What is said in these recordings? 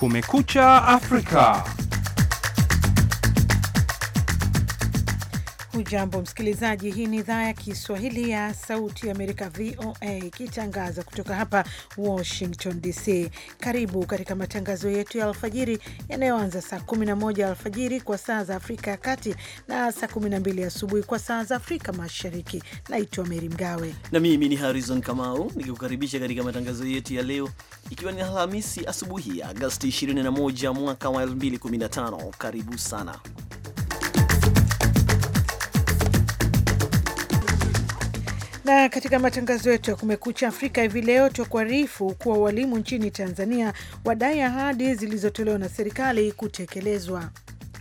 Kumekucha Afrika. Hujambo msikilizaji, hii ni idhaa ya Kiswahili ya Sauti ya Amerika, VOA, ikitangaza kutoka hapa Washington DC. Karibu katika matangazo yetu ya alfajiri yanayoanza saa 11 alfajiri kwa saa za Afrika ya Kati na saa 12 asubuhi kwa saa za Afrika Mashariki. Naitwa Meri Mgawe na mimi ni Harrison Kamau nikikukaribisha katika matangazo yetu ya leo, ikiwa ni Alhamisi asubuhi ya Agosti 21 mwaka wa 2015. Karibu sana Na katika matangazo yetu ya Kumekucha Afrika hivi leo, twakuarifu kuwa walimu nchini Tanzania wadai ahadi zilizotolewa na serikali kutekelezwa.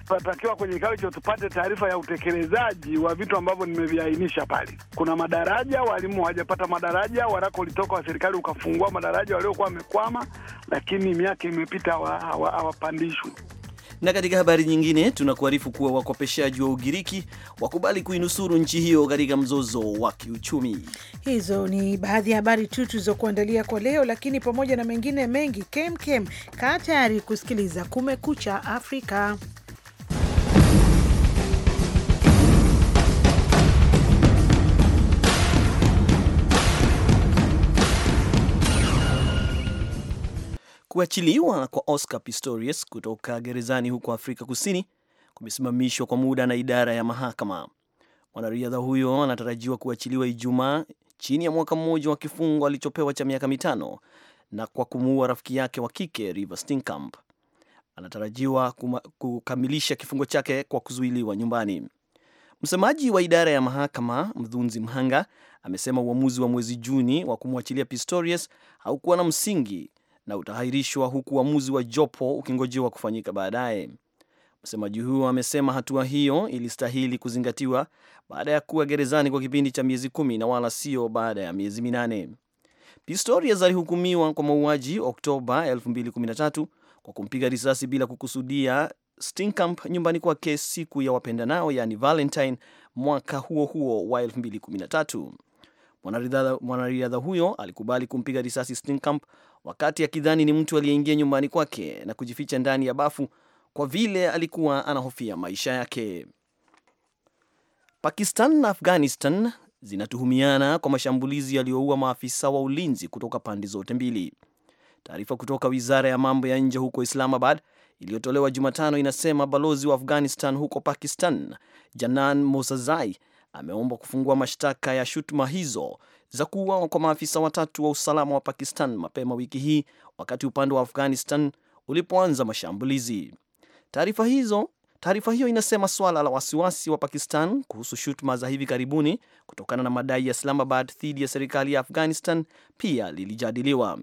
Tunatakiwa kwenye kikao hicho tupate taarifa ya utekelezaji wa vitu ambavyo nimeviainisha pale. Kuna madaraja, walimu hawajapata madaraja, waraka ulitoka wa serikali ukafungua madaraja waliokuwa wamekwama, lakini miaka imepita hawapandishwi. Na katika habari nyingine tunakuarifu kuwa wakopeshaji wa Ugiriki wakubali kuinusuru nchi hiyo katika mzozo wa kiuchumi. Hizo ni baadhi ya habari tu tulizokuandalia kwa leo, lakini pamoja na mengine mengi kemkem, kaa tayari kusikiliza Kumekucha Afrika. Kuachiliwa kwa Oscar Pistorius kutoka gerezani huko Afrika Kusini kumesimamishwa kwa muda na idara ya mahakama. Mwanariadha huyo anatarajiwa kuachiliwa Ijumaa chini ya mwaka mmoja wa kifungo alichopewa cha miaka mitano na kwa kumuua rafiki yake wa kike River Stinkamp. Anatarajiwa kukamilisha kifungo chake kwa kuzuiliwa nyumbani. Msemaji wa idara ya mahakama Mdhunzi Mhanga amesema uamuzi wa mwezi Juni wa kumwachilia Pistorius haukuwa na msingi na utahairishwa huku uamuzi wa jopo ukingojewa kufanyika baadaye. Msemaji huyo amesema hatua hiyo ilistahili kuzingatiwa baada ya kuwa gerezani kwa kipindi cha miezi kumi na wala sio baada ya miezi minane. Pistorius alihukumiwa kwa mauaji Oktoba 2013 kwa kumpiga risasi bila kukusudia Steenkamp nyumbani kwake siku ya wapendanao, yani Valentine, mwaka huo huo wa 2013. Mwanariadha huyo alikubali kumpiga risasi Steenkamp wakati akidhani ni mtu aliyeingia nyumbani kwake na kujificha ndani ya bafu kwa vile alikuwa anahofia maisha yake. Pakistan na Afghanistan zinatuhumiana kwa mashambulizi yaliyoua maafisa wa ulinzi kutoka pande zote mbili. Taarifa kutoka wizara ya mambo ya nje huko Islamabad iliyotolewa Jumatano inasema balozi wa Afghanistan huko Pakistan, Janan Mosazai, ameomba kufungua mashtaka ya shutuma hizo za kuuawa kwa maafisa watatu wa usalama wa Pakistan mapema wiki hii wakati upande wa Afghanistan ulipoanza mashambulizi. Taarifa hizo taarifa hiyo inasema swala la wasiwasi wa Pakistan kuhusu shutuma za hivi karibuni kutokana na madai ya Islamabad dhidi ya serikali ya Afghanistan pia lilijadiliwa.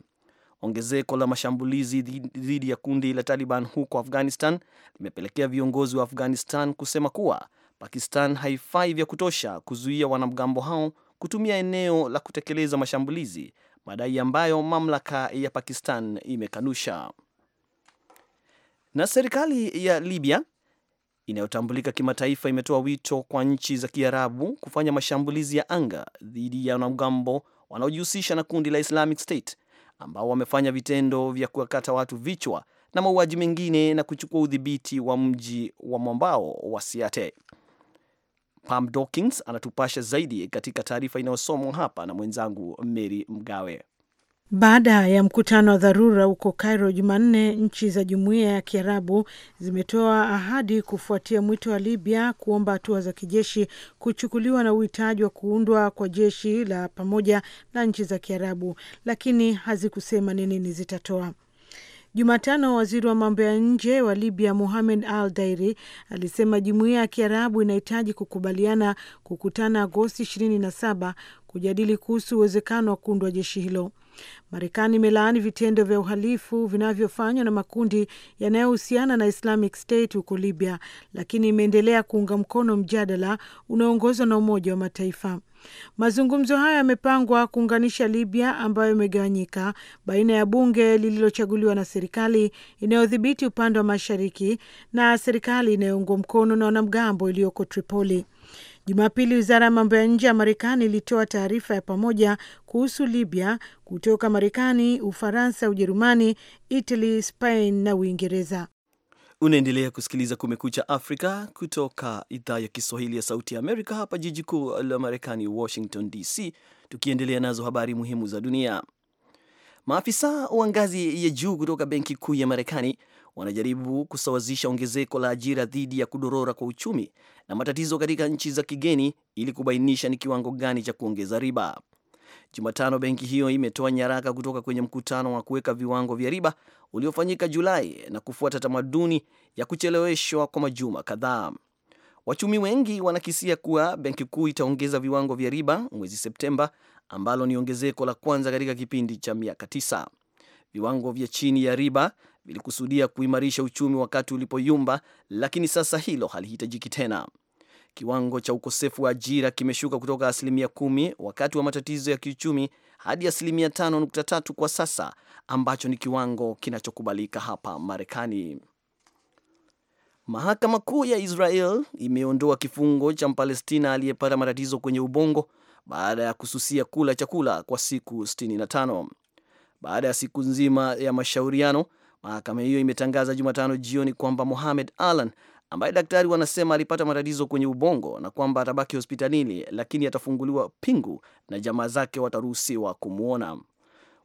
Ongezeko la mashambulizi dhidi ya kundi la Taliban huko Afghanistan limepelekea viongozi wa Afghanistan kusema kuwa Pakistan haifai vya kutosha kuzuia wanamgambo hao kutumia eneo la kutekeleza mashambulizi, madai ambayo mamlaka ya Pakistan imekanusha. Na serikali ya Libya inayotambulika kimataifa imetoa wito kwa nchi za Kiarabu kufanya mashambulizi ya anga dhidi ya wanamgambo wanaojihusisha na kundi la Islamic State ambao wamefanya vitendo vya kuwakata watu vichwa na mauaji mengine na kuchukua udhibiti wa mji wa mwambao wa Siate. Pam Dawkins anatupasha zaidi katika taarifa inayosomwa hapa na mwenzangu Mary Mgawe. Baada ya mkutano wa dharura huko Cairo Jumanne, nchi za jumuiya ya Kiarabu zimetoa ahadi kufuatia mwito wa Libya kuomba hatua za kijeshi kuchukuliwa na uhitaji wa kuundwa kwa jeshi la pamoja la nchi za Kiarabu, lakini hazikusema ni nini zitatoa. Jumatano, waziri wa mambo ya nje wa Libya muhamed Al Dairi alisema jumuiya ya Kiarabu inahitaji kukubaliana kukutana Agosti 27 kujadili kuhusu uwezekano wa kuundwa jeshi hilo. Marekani imelaani vitendo vya uhalifu vinavyofanywa na makundi yanayohusiana na Islamic State huko Libya, lakini imeendelea kuunga mkono mjadala unaoongozwa na Umoja wa Mataifa. Mazungumzo hayo yamepangwa kuunganisha Libya ambayo imegawanyika baina ya bunge lililochaguliwa na serikali inayodhibiti upande wa mashariki na serikali inayoungwa mkono na wanamgambo iliyoko Tripoli. Jumapili, wizara ya mambo ya nje ya Marekani ilitoa taarifa ya pamoja kuhusu Libya kutoka Marekani, Ufaransa, Ujerumani, Italy, Spain na Uingereza. Unaendelea kusikiliza Kumekucha Afrika kutoka idhaa ya Kiswahili ya Sauti ya Amerika, hapa jiji kuu la Marekani, Washington DC, tukiendelea nazo habari muhimu za dunia. Maafisa wa ngazi ya juu kutoka Benki Kuu ya Marekani wanajaribu kusawazisha ongezeko la ajira dhidi ya kudorora kwa uchumi na matatizo katika nchi za kigeni ili kubainisha ni kiwango gani cha kuongeza riba. Jumatano benki hiyo imetoa nyaraka kutoka kwenye mkutano wa kuweka viwango vya riba uliofanyika Julai na kufuata tamaduni ya kucheleweshwa kwa majuma kadhaa. Wachumi wengi wanakisia kuwa benki kuu itaongeza viwango vya riba mwezi Septemba, ambalo ni ongezeko la kwanza katika kipindi cha miaka tisa. Viwango vya chini ya riba vilikusudia kuimarisha uchumi wakati ulipoyumba, lakini sasa hilo halihitajiki tena. Kiwango cha ukosefu wa ajira kimeshuka kutoka asilimia kumi wakati wa matatizo ya kiuchumi hadi asilimia tano nukta tatu kwa sasa ambacho ni kiwango kinachokubalika hapa Marekani. Mahakama Kuu ya Israel imeondoa kifungo cha Mpalestina aliyepata matatizo kwenye ubongo baada ya kususia kula chakula kwa siku 65. Baada ya siku nzima ya mashauriano, mahakama hiyo imetangaza Jumatano jioni kwamba Mohamed Alan ambaye daktari wanasema alipata matatizo kwenye ubongo na kwamba atabaki hospitalini, lakini atafunguliwa pingu na jamaa zake wataruhusiwa kumwona.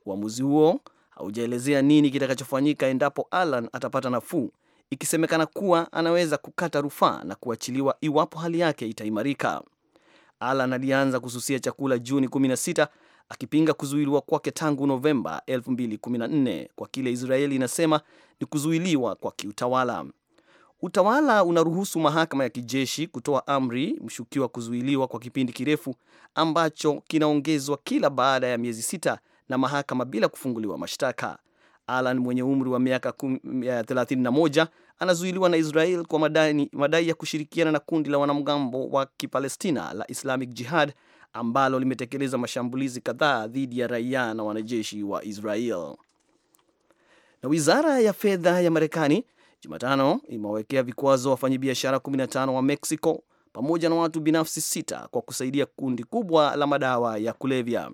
Uamuzi huo haujaelezea nini kitakachofanyika endapo Alan atapata nafuu, ikisemekana kuwa anaweza kukata rufaa na kuachiliwa iwapo hali yake itaimarika. Alan alianza kususia chakula Juni 16 akipinga kuzuiliwa kwake tangu Novemba 2014 kwa kile Israeli inasema ni kuzuiliwa kwa kiutawala. Utawala unaruhusu mahakama ya kijeshi kutoa amri mshukiwa kuzuiliwa kwa kipindi kirefu ambacho kinaongezwa kila baada ya miezi sita na mahakama bila kufunguliwa mashtaka. Alan mwenye umri wa miaka 31 anazuiliwa na Israel kwa madai, madai ya kushirikiana na kundi la wanamgambo wa Kipalestina la Islamic Jihad ambalo limetekeleza mashambulizi kadhaa dhidi ya raia na wanajeshi wa Israel. Na wizara ya fedha ya Marekani Jumatano imewawekea vikwazo wafanyabiashara 15 wa Mexico pamoja na watu binafsi sita kwa kusaidia kundi kubwa la madawa ya kulevya.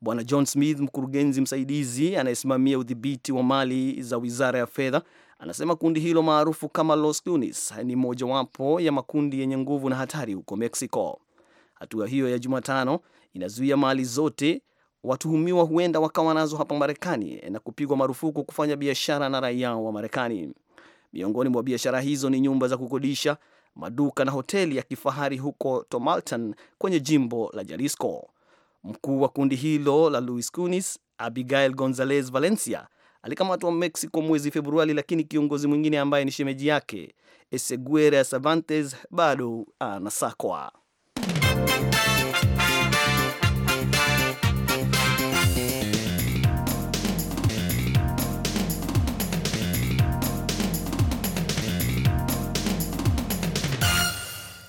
Bwana John Smith, mkurugenzi msaidizi anayesimamia udhibiti wa mali za wizara ya fedha, anasema kundi hilo maarufu kama Los Lunis ni mojawapo ya makundi yenye nguvu na hatari huko Mexico. Hatua hiyo ya Jumatano inazuia mali zote watuhumiwa huenda wakawa nazo hapa Marekani na kupigwa marufuku kufanya biashara na raia wa Marekani. Miongoni mwa biashara hizo ni nyumba za kukodisha, maduka na hoteli ya kifahari huko Tomaltan kwenye jimbo la Jalisco. Mkuu wa kundi hilo la Luis Cunis, Abigail Gonzalez Valencia, alikamatwa Mexico mwezi Februari, lakini kiongozi mwingine ambaye ni shemeji yake Eseguera Cervantes bado anasakwa.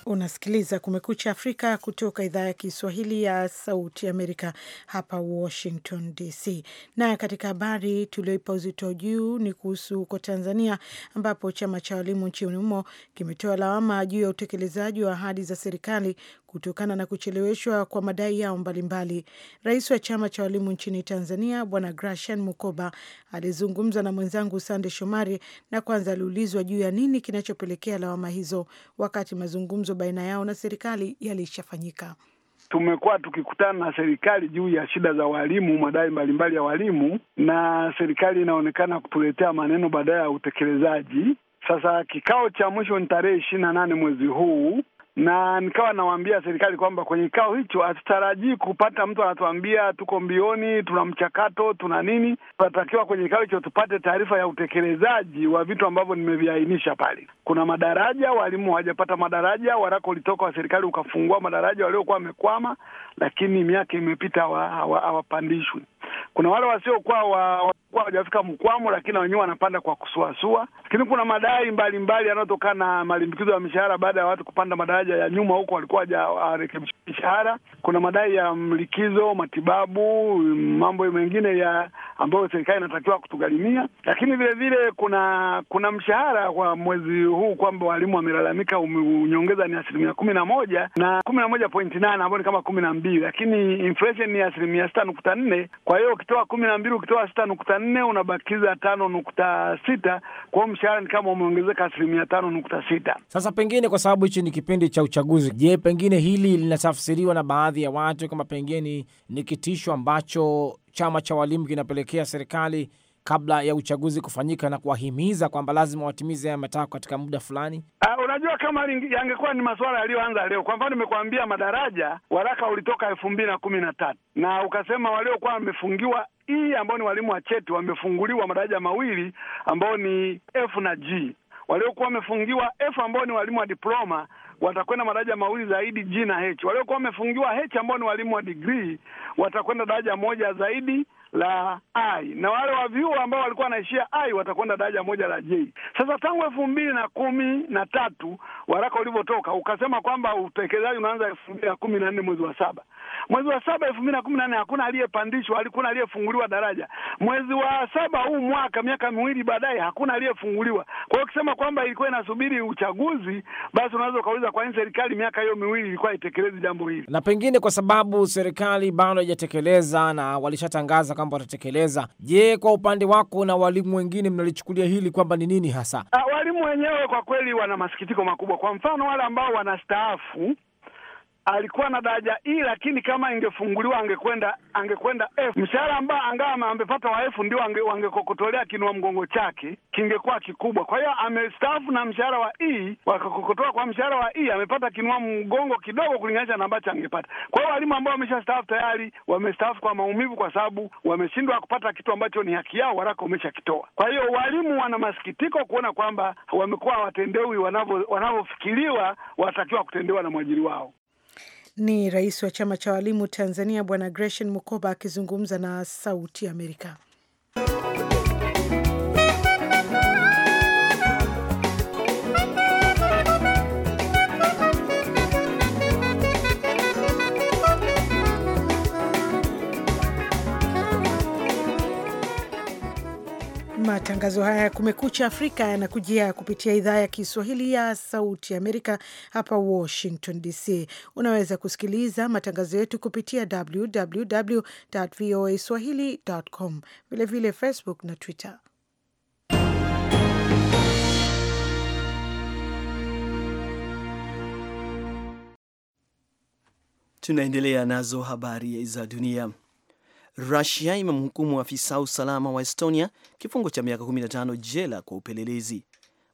Unasikiliza Kumekucha Afrika kutoka idhaa ya Kiswahili ya Sauti Amerika, hapa Washington DC. Na katika habari tulioipa uzito juu ni kuhusu huko Tanzania, ambapo chama cha walimu nchini humo kimetoa lawama juu ya utekelezaji wa ahadi za serikali kutokana na kucheleweshwa kwa madai yao mbalimbali. Rais wa chama cha walimu nchini Tanzania Bwana Grashan Mukoba alizungumza na mwenzangu Sande Shomari na kwanza aliulizwa juu ya nini kinachopelekea lawama hizo wakati mazungumzo baina yao na serikali yalishafanyika. Tumekuwa tukikutana na serikali juu ya shida za walimu, madai mbalimbali ya walimu, na serikali inaonekana kutuletea maneno baadaye ya utekelezaji. Sasa kikao cha mwisho ni tarehe ishirini na nane mwezi huu na nikawa nawaambia serikali kwamba kwenye kikao hicho hatutarajii kupata mtu anatuambia tuko mbioni, tuna mchakato, tuna nini. Tunatakiwa kwenye kikao hicho tupate taarifa ya utekelezaji wa vitu ambavyo nimeviainisha pale. Kuna madaraja, walimu hawajapata madaraja, waraka ulitoka wa serikali ukafungua madaraja waliokuwa wamekwama, lakini miaka imepita hawapandishwi. Kuna wale wasiokuwa hawajafika wa, wa, mkwamo, lakini wenyewe wanapanda kwa kusuasua. Lakini kuna madai mbalimbali yanayotokana na malimbikizo ya mishahara baada ya watu kupanda madaraja ya nyuma, huko walikuwa hawajarekebisha mishahara. Kuna madai ya mlikizo matibabu, mambo mengine ya ambayo serikali inatakiwa kutugharimia. Lakini vile vile kuna kuna mshahara kwa mwezi huu kwamba walimu wamelalamika unyongeza ni asilimia kumi na moja na kumi na moja pointi nane ambayo ni kama kumi na mbili, lakini inflation ni asilimia sita nukta nne. Kwa hiyo ukitoa kumi na mbili ukitoa sita nukta nne unabakiza tano nukta sita mshahara ni kama umeongezeka asilimia tano nukta sita. Sasa pengine kwa sababu hichi ni kipindi cha uchaguzi, je, pengine hili linatafsiriwa na baadhi ya watu kama pengine ni kitisho ambacho chama cha walimu kinapelekea serikali kabla ya uchaguzi kufanyika na kuwahimiza kwamba lazima watimize haya matakwa katika muda fulani. Uh, unajua kama yangekuwa ni masuala yaliyoanza leo, kwa mfano nimekuambia madaraja, waraka ulitoka elfu mbili na kumi na tatu na ukasema waliokuwa wamefungiwa E ambao ni walimu wa cheti wamefunguliwa madaraja mawili ambao ni F na G. Waliokuwa wamefungiwa F ambao ni walimu wa diploma watakwenda madaraja mawili zaidi, G na H. Waliokuwa wamefungiwa H ambao ni walimu wa degree watakwenda daraja moja zaidi la I, na wale wa vyuo ambao walikuwa wanaishia I watakwenda daraja moja la J. Sasa tangu elfu mbili na kumi na tatu waraka ulivyotoka ukasema kwamba utekelezaji unaanza elfu mbili na kumi na nne mwezi wa saba. Mwezi wa saba elfu mbili na kumi na nne hakuna aliyepandishwa, alikuna aliyefunguliwa daraja. Mwezi wa saba huu mwaka, miaka miwili baadaye, hakuna aliyefunguliwa. Kwa hiyo ukisema kwamba ilikuwa inasubiri uchaguzi, basi unaweza ukauliza kwa nini serikali miaka hiyo miwili ilikuwa haitekelezi jambo hili, na pengine kwa sababu serikali bado haijatekeleza na walishatangaza kwamba watatekeleza. Je, kwa upande wako na walimu wengine mnalichukulia hili kwamba ni nini hasa? A, ah, walimu wenyewe kwa kweli wana masikitiko makubwa. Kwa mfano wale ambao wanastaafu alikuwa na daraja E, lakini kama ingefunguliwa angekwenda angekwenda F. Mshahara ambao angawa amepata wa F ndio ange, wangekokotolea kinua mgongo chake kingekuwa kikubwa. Kwa hiyo amestaafu na mshahara wa E, wakakokotoa kwa mshahara wa E amepata kinua mgongo kidogo kulinganisha na ambacho angepata. Kwa hiyo walimu ambao staafu tayari wamestaafu kwa maumivu, kwa sababu wameshindwa kupata kitu ambacho ni haki yao, waraka umeshakitoa. Kwa hiyo walimu wana masikitiko kuona kwamba wamekuwa hawatendewi wanavyofikiriwa watakiwa kutendewa na mwajiri wao. Ni rais wa chama cha walimu Tanzania Bwana Gretchen Mukoba akizungumza na Sauti Amerika. Matangazo haya ya Kumekucha Afrika yanakujia kupitia idhaa ya Kiswahili ya Sauti Amerika hapa Washington DC. Unaweza kusikiliza matangazo yetu kupitia www voa swahili.com, vilevile Facebook na Twitter. Tunaendelea nazo habari za dunia. Rusia imemhukumu afisa usalama wa Estonia kifungo cha miaka 15 jela kwa upelelezi.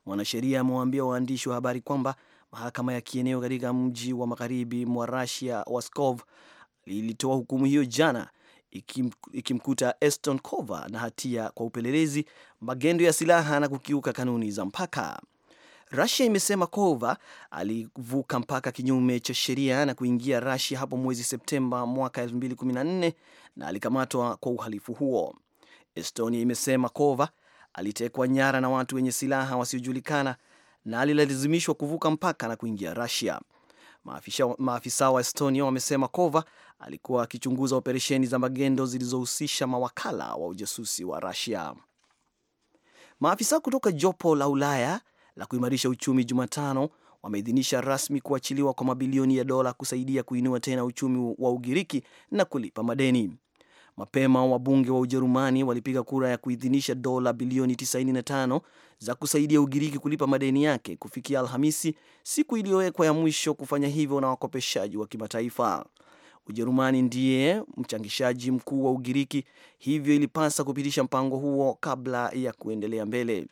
Mwanasheria amewaambia waandishi wa habari kwamba mahakama ya kieneo katika mji wa magharibi mwa Rusia wa Skov ilitoa hukumu hiyo jana ikim, ikimkuta Estonkova na hatia kwa upelelezi, magendo ya silaha na kukiuka kanuni za mpaka. Rusia imesema Kova alivuka mpaka kinyume cha sheria na kuingia Rusia hapo mwezi Septemba mwaka 2014 na alikamatwa kwa uhalifu huo. Estonia imesema Kova alitekwa nyara na watu wenye silaha wasiojulikana na alilazimishwa kuvuka mpaka na kuingia Rusia. Maafisa wa Estonia wamesema Kova alikuwa akichunguza operesheni za magendo zilizohusisha mawakala wa ujasusi wa Rusia. Maafisa kutoka jopo la Ulaya la kuimarisha uchumi Jumatano wameidhinisha rasmi kuachiliwa kwa mabilioni ya dola kusaidia kuinua tena uchumi wa Ugiriki na kulipa madeni. Mapema wabunge wa Ujerumani walipiga kura ya kuidhinisha dola bilioni 95 za kusaidia Ugiriki kulipa madeni yake kufikia Alhamisi, siku iliyowekwa ya mwisho kufanya hivyo na wakopeshaji wa kimataifa. Ujerumani ndiye mchangishaji mkuu wa Ugiriki, hivyo ilipasa kupitisha mpango huo kabla ya kuendelea mbele.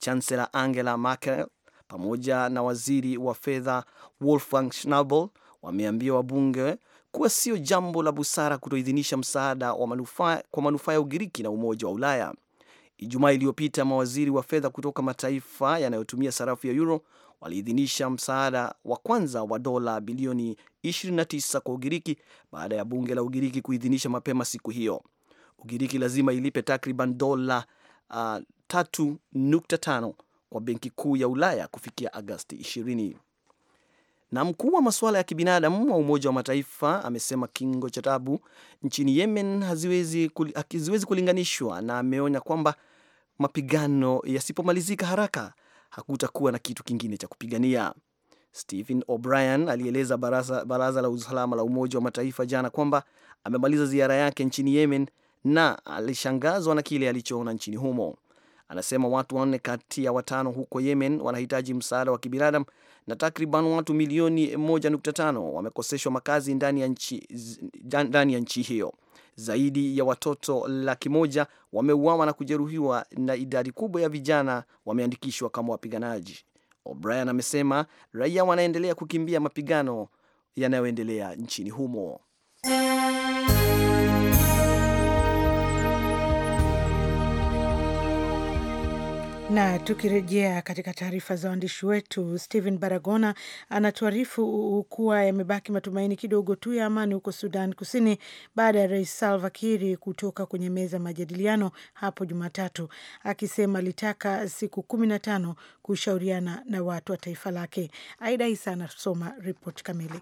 Chancellor Angela Merkel pamoja na waziri wa fedha Wolfgang Schnabel wameambia wabunge kuwa sio jambo la busara kutoidhinisha msaada wa manufaa, kwa manufaa ya Ugiriki na Umoja wa Ulaya. Ijumaa iliyopita mawaziri wa fedha kutoka mataifa yanayotumia sarafu ya euro waliidhinisha msaada wa kwanza wa dola bilioni 29 kwa Ugiriki baada ya bunge la Ugiriki kuidhinisha mapema siku hiyo. Ugiriki lazima ilipe takriban dola uh, 3.5 kwa Benki Kuu ya Ulaya kufikia Agasti 20. Na mkuu wa masuala ya kibinadamu wa Umoja wa Mataifa amesema kingo cha tabu nchini Yemen haziwezi kulinganishwa, na ameonya kwamba mapigano yasipomalizika haraka hakutakuwa na kitu kingine cha kupigania. Stephen O'Brien alieleza baraza, baraza la usalama la Umoja wa Mataifa jana kwamba amemaliza ziara yake nchini Yemen na alishangazwa na kile alichoona nchini humo. Anasema watu wanne kati ya watano huko Yemen wanahitaji msaada wa kibinadamu na takriban watu milioni 1.5 wamekoseshwa makazi ndani ya nchi, ndani ya nchi hiyo. Zaidi ya watoto laki moja wameuawa na kujeruhiwa na idadi kubwa ya vijana wameandikishwa kama wapiganaji. O'Brien amesema raia wanaendelea kukimbia mapigano yanayoendelea nchini humo. Na tukirejea katika taarifa za waandishi wetu, Stephen Baragona anatuarifu kuwa yamebaki matumaini kidogo tu ya amani huko Sudan Kusini baada ya Rais Salva Kiir kutoka kwenye meza majadiliano hapo Jumatatu, akisema alitaka siku kumi na tano kushauriana na watu wa taifa lake. Aida Isa anasoma ripoti kamili.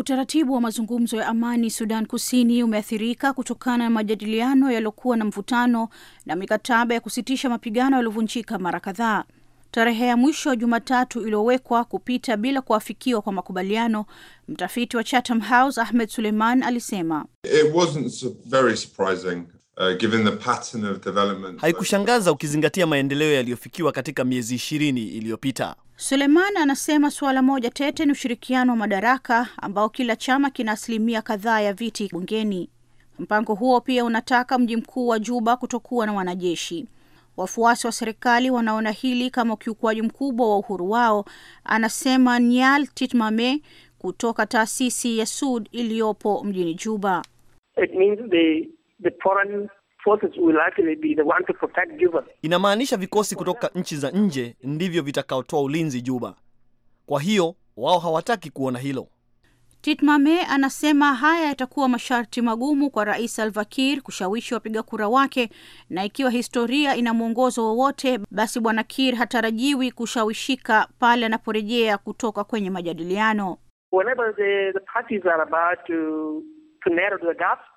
Utaratibu wa mazungumzo ya amani Sudan Kusini umeathirika kutokana na majadiliano yaliyokuwa na mvutano na mikataba ya kusitisha mapigano yaliyovunjika mara kadhaa. Tarehe ya mwisho Jumatatu iliyowekwa kupita bila kuafikiwa kwa makubaliano, mtafiti wa Chatham House Ahmed Suleiman alisema It wasn't very surprising Uh, given the pattern of development. Haikushangaza ukizingatia maendeleo yaliyofikiwa katika miezi ishirini iliyopita. Suleiman anasema suala moja tete ni ushirikiano wa madaraka ambao kila chama kina asilimia kadhaa ya viti bungeni. Mpango huo pia unataka mji mkuu wa Juba kutokuwa na wanajeshi. Wafuasi wa serikali wanaona hili kama ukiukwaji mkubwa wa uhuru wao, anasema Nyal Titmame kutoka taasisi ya Sud iliyopo mjini Juba. It means they the foreign forces will be the one to protect Juba. Inamaanisha vikosi kutoka nchi za nje ndivyo vitakaotoa ulinzi Juba. Kwa hiyo wao hawataki kuona hilo. Titmame anasema haya yatakuwa masharti magumu kwa Rais Salva Kiir kushawishi wapiga kura wake, na ikiwa historia ina mwongozo wowote, basi Bwana Kiir hatarajiwi kushawishika pale anaporejea kutoka kwenye majadiliano. Whenever the, the parties are about to, to narrow the gaps,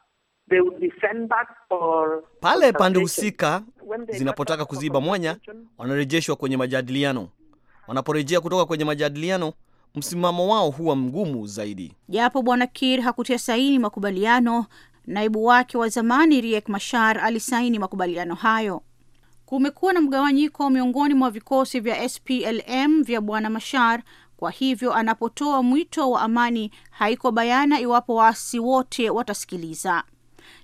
pale pande husika zinapotaka kuziba mwanya, wanarejeshwa kwenye majadiliano. Wanaporejea kutoka kwenye majadiliano, msimamo wao huwa mgumu zaidi. Japo bwana kir hakutia saini makubaliano, naibu wake wa zamani Riek mashar alisaini makubaliano hayo. Kumekuwa na mgawanyiko miongoni mwa vikosi vya SPLM vya bwana mashar Kwa hivyo anapotoa mwito wa amani, haiko bayana iwapo waasi wote watasikiliza.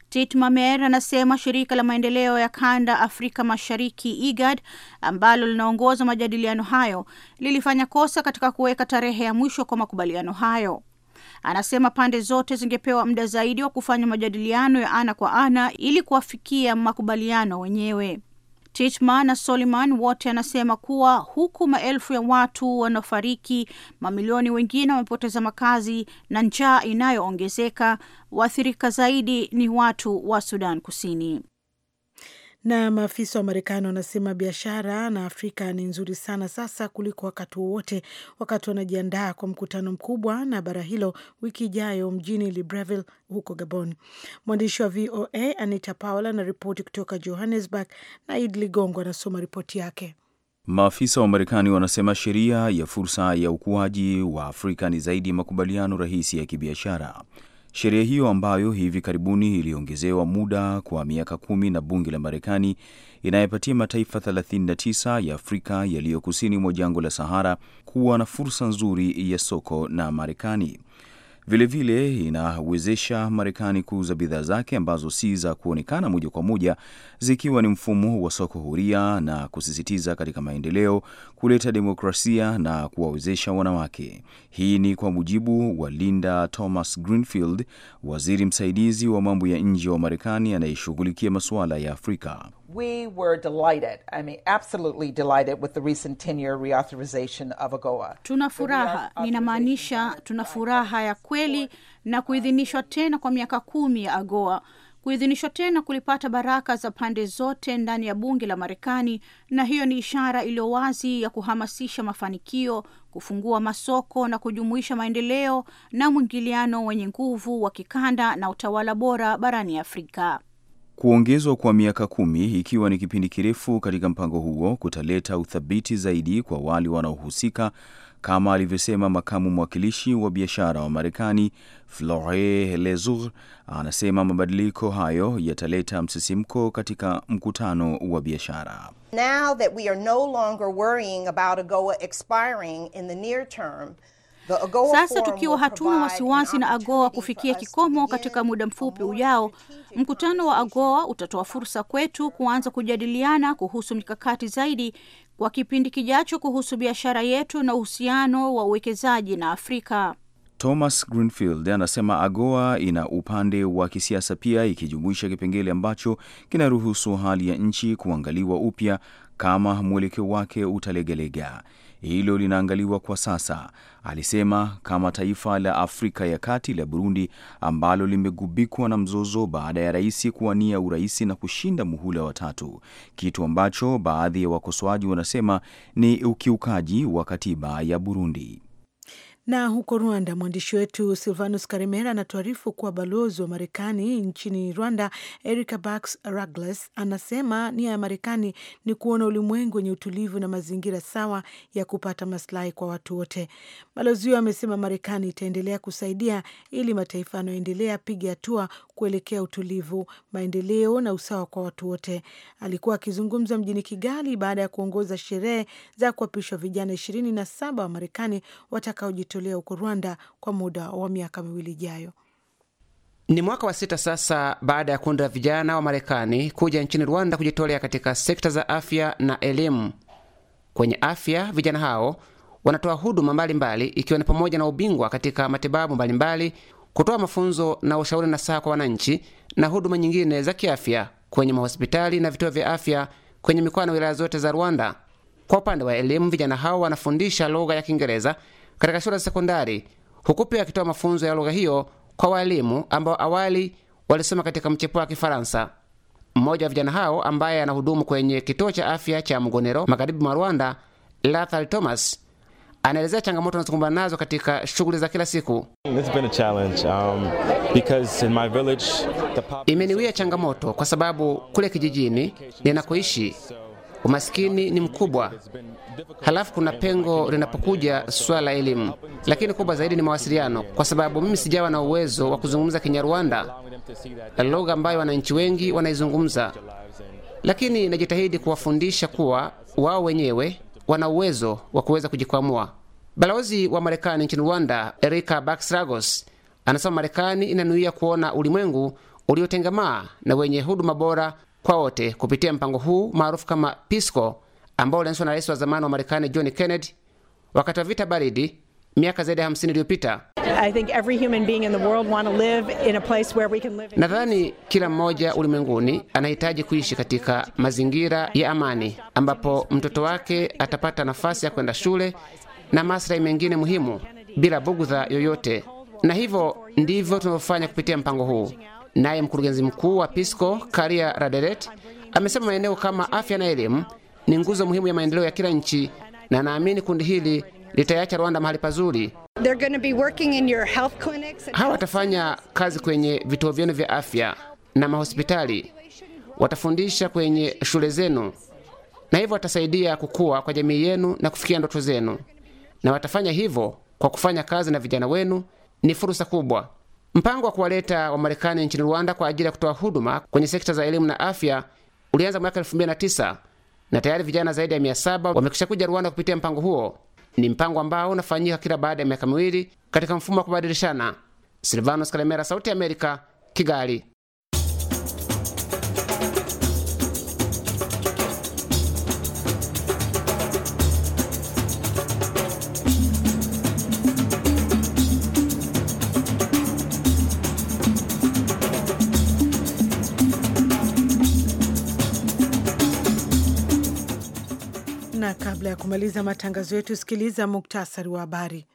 Tit Mamer anasema shirika la maendeleo ya kanda Afrika Mashariki IGAD ambalo linaongoza majadiliano hayo lilifanya kosa katika kuweka tarehe ya mwisho kwa makubaliano hayo. Anasema pande zote zingepewa muda zaidi wa kufanya majadiliano ya ana kwa ana ili kuwafikia makubaliano wenyewe. Tichma na Soliman wote anasema kuwa huku maelfu ya watu wanaofariki, mamilioni wengine wamepoteza makazi na njaa inayoongezeka, waathirika zaidi ni watu wa Sudan Kusini. Na maafisa wa Marekani wanasema biashara na Afrika ni nzuri sana sasa kuliko wakati wowote, wakati wanajiandaa kwa mkutano mkubwa na bara hilo wiki ijayo mjini Libreville huko Gabon. Mwandishi wa VOA Anita Powell anaripoti kutoka Johannesburg na Id Ligongo anasoma ripoti yake. Maafisa wa Marekani wanasema sheria ya fursa ya ukuaji wa Afrika ni zaidi ya makubaliano rahisi ya kibiashara. Sheria hiyo ambayo hivi karibuni iliongezewa muda kwa miaka kumi na bunge la Marekani, inayepatia mataifa 39 ya Afrika yaliyo kusini mwa jangwa la Sahara kuwa na fursa nzuri ya soko na Marekani. Vilevile inawezesha Marekani kuuza bidhaa zake ambazo si za kuonekana moja kwa moja, zikiwa ni mfumo wa soko huria na kusisitiza katika maendeleo, kuleta demokrasia na kuwawezesha wanawake. Hii ni kwa mujibu wa Linda Thomas Greenfield, waziri msaidizi wa mambo ya nje wa Marekani anayeshughulikia masuala ya Afrika. We were delighted, I mean, absolutely delighted with the recent 10-year reauthorization of AGOA. Tuna furaha, ninamaanisha tuna furaha ya kweli na kuidhinishwa tena kwa miaka kumi ya AGOA. Kuidhinishwa tena kulipata baraka za pande zote ndani ya bunge la Marekani, na hiyo ni ishara iliyo wazi ya kuhamasisha mafanikio, kufungua masoko na kujumuisha maendeleo na mwingiliano wenye nguvu wa kikanda na utawala bora barani Afrika. Kuongezwa kwa miaka kumi ikiwa ni kipindi kirefu katika mpango huo kutaleta uthabiti zaidi kwa wale wanaohusika, kama alivyosema makamu mwakilishi wa biashara wa Marekani Flore Lesur. Anasema mabadiliko hayo yataleta msisimko katika mkutano wa biashara. Now that we are no longer worrying about AGOA expiring in the near term sasa tukiwa hatuna wasiwasi na AGOA kufikia kikomo katika muda mfupi ujao, mkutano wa AGOA utatoa fursa kwetu kuanza kujadiliana kuhusu mikakati zaidi kwa kipindi kijacho kuhusu biashara yetu na uhusiano wa uwekezaji na Afrika. Thomas Greenfield anasema AGOA ina upande wa kisiasa pia, ikijumuisha kipengele ambacho kinaruhusu hali ya nchi kuangaliwa upya kama mwelekeo wake utalegalega. Hilo linaangaliwa kwa sasa, alisema. Kama taifa la Afrika ya Kati la Burundi ambalo limegubikwa na mzozo baada ya rais kuwania urais na kushinda muhula wa tatu, kitu ambacho baadhi ya wakosoaji wanasema ni ukiukaji wa katiba ya Burundi. Na huko Rwanda, mwandishi wetu Silvanus Karemera anatuarifu kuwa balozi wa Marekani nchini Rwanda, Erica Bax Ragles, anasema nia ya Marekani ni kuona ulimwengu wenye utulivu na mazingira sawa ya kupata masilahi kwa watu wote. Balozi huyo amesema Marekani itaendelea kusaidia ili mataifa yanayoendelea piga hatua kuelekea utulivu, maendeleo na usawa kwa watu wote. Alikuwa akizungumza mjini Kigali baada ya kuongoza sherehe za kuapishwa vijana ishirini na saba wa Marekani watakaojitoa kujitolea huko Rwanda kwa muda wa miaka miwili ijayo. Ni mwaka wa sita sasa baada ya kundi la vijana wa Marekani kuja nchini Rwanda kujitolea katika sekta za afya na elimu. Kwenye afya, vijana hao wanatoa huduma mbalimbali, ikiwa ni pamoja na ubingwa katika matibabu mbalimbali, kutoa mafunzo na ushauri na saa kwa wananchi na huduma nyingine za kiafya kwenye mahospitali na vituo vya afya kwenye mikoa na wilaya zote za Rwanda. Kwa upande wa elimu, vijana hao wanafundisha lugha ya Kiingereza katika shule za sekondari, huku pia akitoa mafunzo ya lugha hiyo kwa walimu ambao awali walisoma katika mchepuo wa Kifaransa. Mmoja wa vijana hao ambaye anahudumu kwenye kituo cha afya cha Mgonero, magharibi mwa Rwanda, Lathal Thomas anaelezea changamoto anazokumbana nazo katika shughuli za kila siku. Um, imeniwia changamoto kwa sababu kule kijijini ninakoishi umaskini ni mkubwa. Halafu kuna pengo linapokuja swala la elimu, lakini kubwa zaidi ni mawasiliano, kwa sababu mimi sijawa na uwezo wa kuzungumza Kinyarwanda, lugha ambayo wananchi wengi wanaizungumza, lakini najitahidi kuwafundisha kuwa wao wenyewe wana uwezo wa kuweza kujikwamua. Balozi wa Marekani nchini Rwanda, Erika Bakstragos, anasema Marekani inanuia kuona ulimwengu uliotengemaa na wenye huduma bora kwa wote kupitia mpango huu maarufu kama PISCO ambao ulianzishwa na rais wa zamani wa Marekani John Kennedy wakati wa vita baridi miaka zaidi ya 50 iliyopita. Nadhani kila mmoja ulimwenguni anahitaji kuishi katika mazingira ya amani ambapo mtoto wake atapata nafasi ya kwenda shule na maslahi mengine muhimu bila bugudha yoyote, na hivyo ndivyo tunavyofanya kupitia mpango huu Naye mkurugenzi mkuu wa PISCO Karia Raderet amesema maeneo kama afya na elimu ni nguzo muhimu ya maendeleo ya kila nchi, na naamini kundi hili litayacha Rwanda mahali pazuri. Hawa watafanya kazi kwenye vituo vyenu vya afya na mahospitali, watafundisha kwenye shule zenu, na hivyo watasaidia kukua kwa jamii yenu na kufikia ndoto zenu, na watafanya hivyo kwa kufanya kazi na vijana wenu. Ni fursa kubwa. Mpango wa kuwaleta Wamarekani nchini Rwanda kwa ajili ya kutoa huduma kwenye sekta za elimu na afya ulianza mwaka 2009 na tayari vijana zaidi ya 700 wamekwisha kuja Rwanda kupitia mpango huo. Ni mpango ambao unafanyika kila baada ya miaka miwili katika mfumo wa kubadilishana. Silvanos Kalemera, Sauti ya Amerika, Kigali. Na kabla ya kumaliza matangazo yetu, sikiliza muktasari wa habari.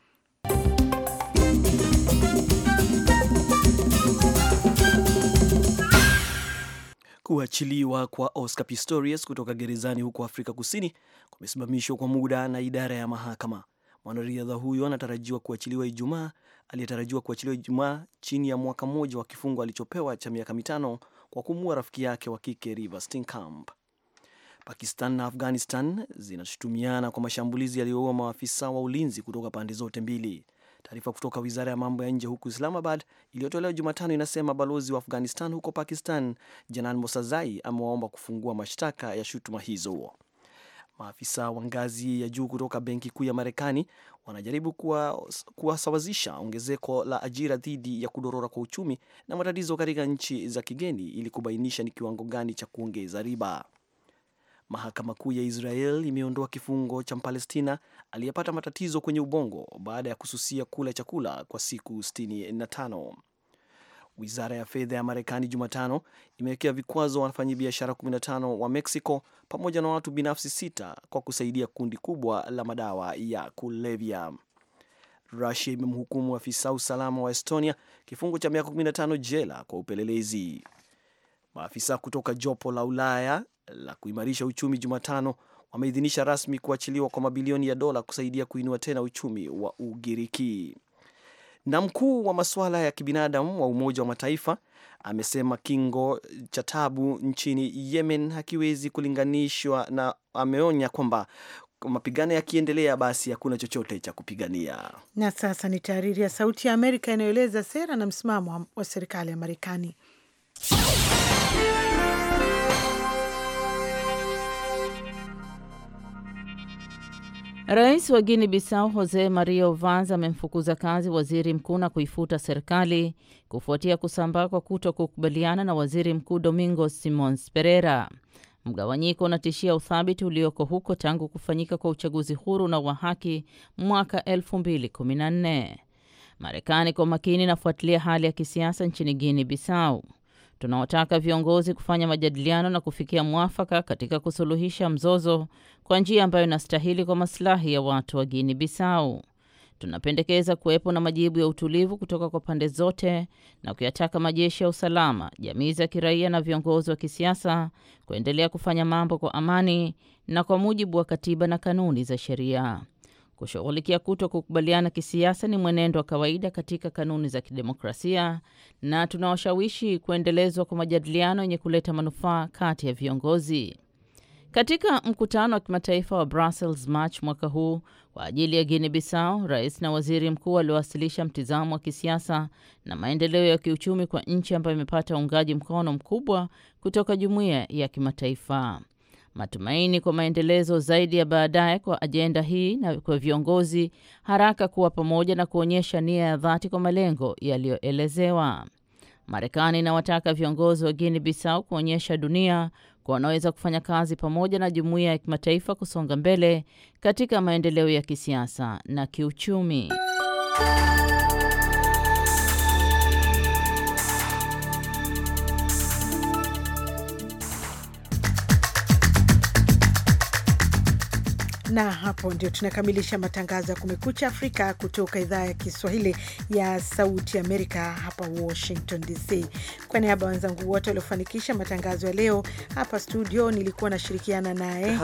Kuachiliwa kwa Oscar Pistorius kutoka gerezani huko Afrika Kusini kumesimamishwa kwa muda na idara ya mahakama. Mwanariadha huyo anatarajiwa kuachiliwa Ijumaa, aliyetarajiwa kuachiliwa Ijumaa chini ya mwaka mmoja wa kifungo alichopewa cha miaka mitano kwa kumua rafiki yake wa kike rivestincamp Steenkamp. Pakistan na Afghanistan zinashutumiana kwa mashambulizi yaliyoua maafisa wa ulinzi kutoka pande zote mbili. Taarifa kutoka wizara ya mambo ya nje huku Islamabad iliyotolewa Jumatano inasema balozi wa Afghanistan huko Pakistan, Janan Mosazai, amewaomba kufungua mashtaka ya shutuma hizo. Maafisa wa ngazi ya juu kutoka benki kuu ya Marekani wanajaribu kuwasawazisha kuwa ongezeko la ajira dhidi ya kudorora kwa uchumi na matatizo katika nchi za kigeni ili kubainisha ni kiwango gani cha kuongeza riba. Mahakama Kuu ya Israel imeondoa kifungo cha Mpalestina aliyepata matatizo kwenye ubongo baada ya kususia kula chakula kwa siku 65. Wizara ya fedha ya Marekani Jumatano imewekea vikwazo wafanyabiashara 15 wa Mexico pamoja na watu binafsi sita kwa kusaidia kundi kubwa la madawa ya kulevya. Rusia imemhukumu afisa usalama wa Estonia kifungo cha miaka 15 jela kwa upelelezi. Maafisa kutoka jopo la Ulaya la kuimarisha uchumi Jumatano wameidhinisha rasmi kuachiliwa kwa mabilioni ya dola kusaidia kuinua tena uchumi wa Ugiriki. Na mkuu wa masuala ya kibinadamu wa Umoja wa Mataifa amesema kingo cha tabu nchini Yemen hakiwezi kulinganishwa, na ameonya kwamba mapigano yakiendelea, basi hakuna chochote cha kupigania. Na sasa ni tahariri ya Sauti ya Amerika inayoeleza sera na msimamo wa serikali ya Marekani. Rais wa Guinea Bissau Jose Maria Vaz amemfukuza kazi waziri mkuu na kuifuta serikali kufuatia kusambaa kwa kuto kukubaliana na waziri mkuu Domingo Simons Pereira. Mgawanyiko unatishia uthabiti ulioko huko tangu kufanyika kwa uchaguzi huru na wa haki mwaka 2014. Marekani kwa makini inafuatilia hali ya kisiasa nchini Guinea Bissau tunawataka viongozi kufanya majadiliano na kufikia mwafaka katika kusuluhisha mzozo kwa njia ambayo inastahili kwa masilahi ya watu wa Guinea Bissau. Tunapendekeza kuwepo na majibu ya utulivu kutoka kwa pande zote na kuyataka majeshi ya usalama, jamii za kiraia na viongozi wa kisiasa kuendelea kufanya mambo kwa amani na kwa mujibu wa katiba na kanuni za sheria. Kushughulikia kuto kukubaliana kisiasa ni mwenendo wa kawaida katika kanuni za kidemokrasia na tunawashawishi kuendelezwa kwa majadiliano yenye kuleta manufaa kati ya viongozi. Katika mkutano wa kimataifa wa Brussels March mwaka huu kwa ajili ya Guinea Bissau, rais na waziri mkuu waliwasilisha mtizamo wa kisiasa na maendeleo ya kiuchumi kwa nchi ambayo imepata uungaji mkono mkubwa kutoka jumuiya ya kimataifa matumaini kwa maendelezo zaidi ya baadaye kwa ajenda hii na kwa viongozi haraka kuwa pamoja na kuonyesha nia ya dhati kwa malengo yaliyoelezewa. Marekani inawataka viongozi wa Guinea bisau kuonyesha dunia kuwa wanaweza kufanya kazi pamoja na jumuiya ya kimataifa kusonga mbele katika maendeleo ya kisiasa na kiuchumi. na hapo ndio tunakamilisha matangazo ya Kumekucha Afrika kutoka idhaa ya Kiswahili ya Sauti Amerika hapa Washington DC. Kwa niaba ya wenzangu wote waliofanikisha matangazo ya leo hapa studio, nilikuwa nashirikiana naye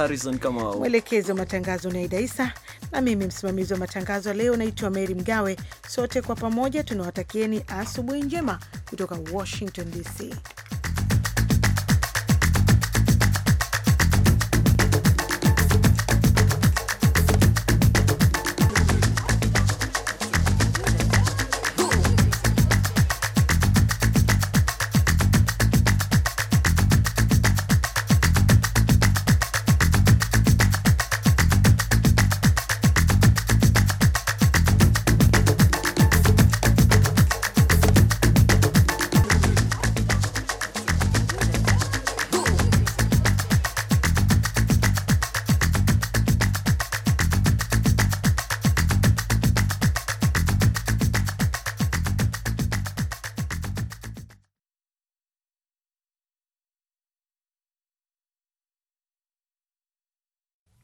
mwelekezi wa matangazo ni Aida Isa, na mimi msimamizi wa matangazo ya leo naitwa Meri Mgawe. Sote kwa pamoja tunawatakieni asubuhi njema kutoka Washington DC.